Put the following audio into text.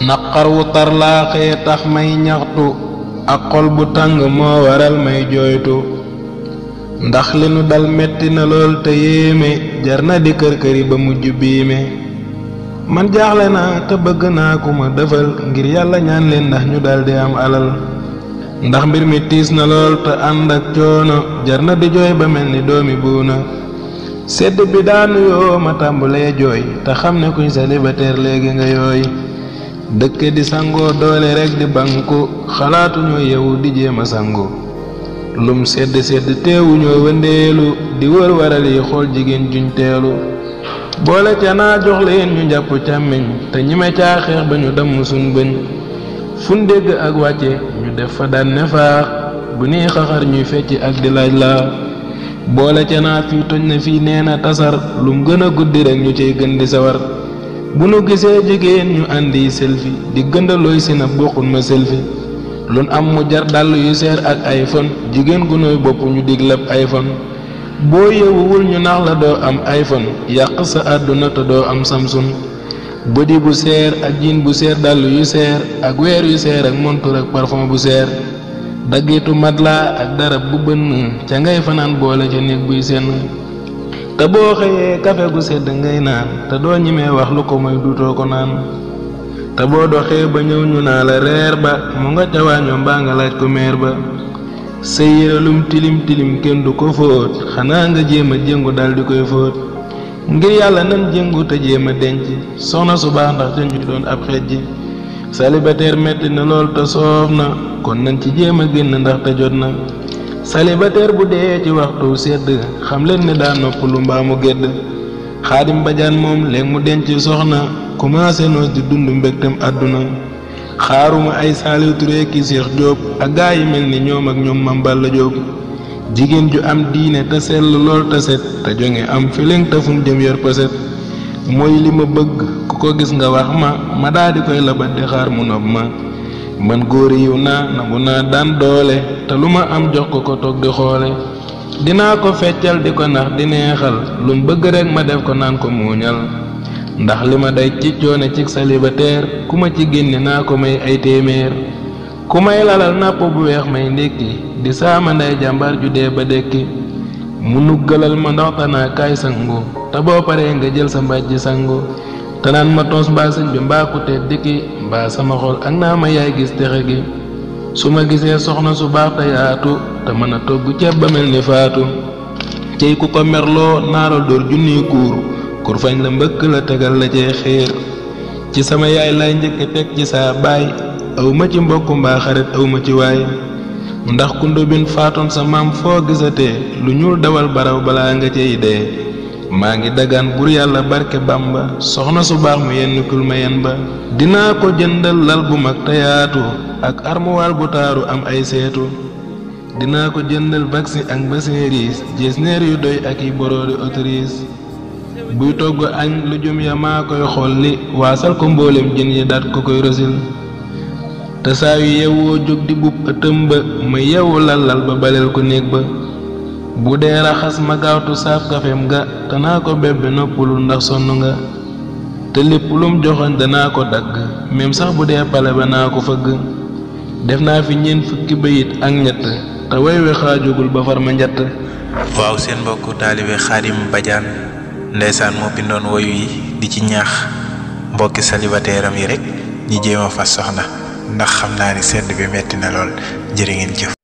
naqar wu tarlaaxee tax may ñaxtu ak xol bu tàng moo waral may jooytu ndax li nu dal metti na lool te yéeme jar na di kër këri ba mujj biime man jaaxle na te bëgg naa ku ma defal ngir yàlla ñaan leen ndax ñu daldi am alal ndax mbir mi tiis na lool te ànd ak coono jar na di jooy ba mel ni doomi buuna sedd bi daanu yoo ma jooy te xam ne kuñ célibataire léegi nga yooy dëkk di sangoo doole rek di banku xalaatuñoo yewu di jéema sangu lum sedd sedd teewuñu wëndeelu di wër waral yi xool jigéen juñ teelu boole ca naa jox leen ñu jàpp càmmiñ te ñi ma caa xeex ba ñu damm suñ bëñ fun dégg ak wàcce ñu def fa daan ne faax bu nii xaxar ñuy fecc ak di laaj laa boole ca naa fii toj na fii nee na tasar lum gën a guddi rek ñu ciy gën di sawar bu nu gisee jigéen ñu àndi selfie di gëndalooy si na bokkun ma selfie lu am mu jar dàll yu seer ak iphone jigéen gu nooy bopp ñu dig lab iphone boo yeewuwul ñu nax la doo am iphone yàq sa àdduna te doo am samsung bëdi bu seer ak jiin bu seer dàll yu seer ak weer yu seer ak montur ak parfum bu seer daggitu mat laa ak darab bu bënn ca ngay fanaan boole ca néeg buy senn te boo xëyee kafe gu sedd ngay naan te doo ñimee wax lu ko mooy duutoo ko naan te boo doxee ba ñëw ñu naa la reer ba mu nga ca waañoo mbaa laaj ko meer ba sa tilim tilim kenn du ko fóot xanaa nga jéem a jëngu daal di koy fóot ngir yàlla nan jëngu te jéem a denc soxna su baax ndax ca ñu doon ab xej ji célibataire metti na lool te soof na kon nan ci jéem a génn ndax te jot na célibataire bu dee ci waxtu sedd xam leen ne daa nopp lu mbaamu gedd xaadim bajaan moom léeg mu denc soxna commencé noos di dund mbégtam àdduna xaaruma ay saaliw turee ki Seex Jóob ak gaa yi mel ni ñoom ak ñoom Mam Jóob jigéen ju am diine te sell lool te te jonge am filing te jëm yor mooy li ma bëgg ku ko gis nga wax ma ma daa di koy labat di xaar mu nopp ma mën góor yiw naa nangu naa daan doole te lu ma am jox ko ko toog di xoole dinaa ko feccal di ko nax di neexal lu mu bëgg rek ma def ko naan ko muuñal ndax li ma day ci coone ci célibataire ku ma ci génne naa ko may ay téeméer ku may lalal nàpp bu weex may ndékki di saama nday jàmbar ju dee ba dékki mu nuggalal ma ndoxtanaa kay sangu te boo paree nga jël sa mbàjji sangoo te naan ma tons mbaa sëñ bi mbaa ku tedd ki mbaa sama xol ak naa ma yaay gis texe gi su ma gisee soxna su baax te yaatu te mën a togg ceeb ba mel ni faatu cey ku ko merloo naa la dóor junniy kuur kur la mbëkk la tegal la cee xiir ci sama yaay lay njëkk teg ci sa baay aw ma ci mbokk mbaa xarit aw ma ci waay ndax kundubin faatoon sa maam foo gisatee lu ñuul dawal baraw balaa nga cey dee maa dagan bur yalla barke bamba soxna su bax mu yenn ba dina ko jëndal lal bu mak tayatu ak armuwaal bu taru am ay setu dina ko jëndal vaccin ak baseris jesner yu doy ak yi boroodi autorise togg añ lu jëm ya ma koy xolli waasal ko mbolem jinn yi dat ko koy rosil ta sa yu jog di bub ëtëm ba ma yewu lal lal ba balel ko neeg ba bu dee raxas ma gaawtu saaf kafem nga te naa ko bébbe noppalul ndax sonn nga te lépp lum joxoñ danaa ko dagg même sax bu dee pale ba naa ko fëgg def naa fi ñeent fukki bayit ak ñett te way xaajugul ba far ma njett waaw seen mbokku taalibe Xaadim Badiane ndeysaan moo bindoon woyu yi di ci ñaax mbokki célibataire yi rek ñi jéem fas soxna ndax xam naa ni sedd bi metti na lool jërë jëf